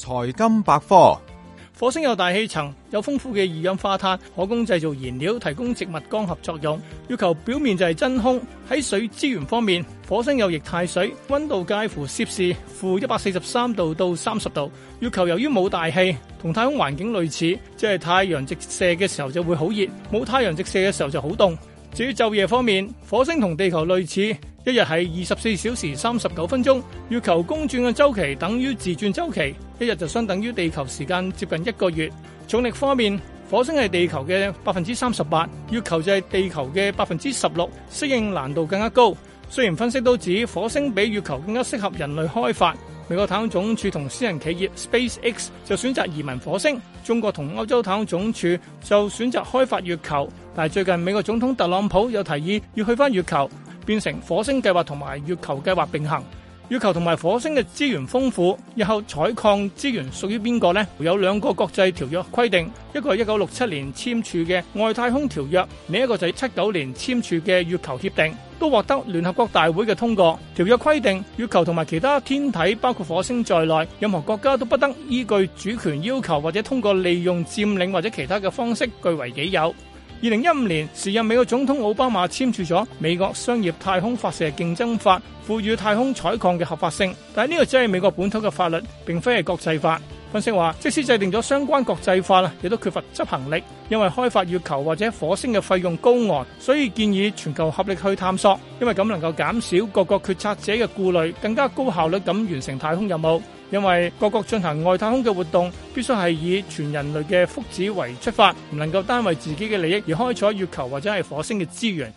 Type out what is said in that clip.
財金百科：火星有大氣層，有豐富嘅二氧化碳，可供製造燃料，提供植物光合作用。月球表面就係真空。喺水資源方面，火星有液態水，溫度介乎攝氏負一百四十三度到三十度。月球由於冇大氣，同太空環境類似，即係太陽直射嘅時候就會好熱，冇太陽直射嘅時候就好凍。至於晝夜方面，火星同地球類似。一日係二十四小時三十九分鐘，月球公轉嘅周期等於自轉周期，一日就相等於地球時間接近一個月。重力方面，火星係地球嘅百分之三十八，月球就係地球嘅百分之十六，適應難度更加高。雖然分析都指火星比月球更加適合人類開發，美國太空總署同私人企業 SpaceX 就選擇移民火星，中國同歐洲太空總署就選擇開發月球。但係最近美國總統特朗普又提議要去返月球。變成火星計劃同埋月球計劃並行，月球同埋火星嘅資源豐富，日後採礦資源屬於邊個呢？有兩個國際條約規定，一個係一九六七年簽署嘅外太空條約，另一個就係七九年簽署嘅月球協定，都獲得聯合國大會嘅通過。條約規定，月球同埋其他天體，包括火星在內，任何國家都不得依據主權要求或者通過利用佔領或者其他嘅方式據為己有。二零一五年，時任美國總統奧巴馬簽署咗《美國商業太空發射競爭法》，賦予太空採礦嘅合法性。但係呢個只係美國本土嘅法律，並非係國際法。分析話，即使制定咗相關國際法啊，亦都缺乏執行力，因為開發月球或者火星嘅費用高昂，所以建議全球合力去探索，因為咁能夠減少各國決策者嘅顧慮，更加高效率咁完成太空任務。因為各國進行外太空嘅活動，必須係以全人類嘅福祉為出發，唔能夠單為自己嘅利益而開採月球或者係火星嘅資源。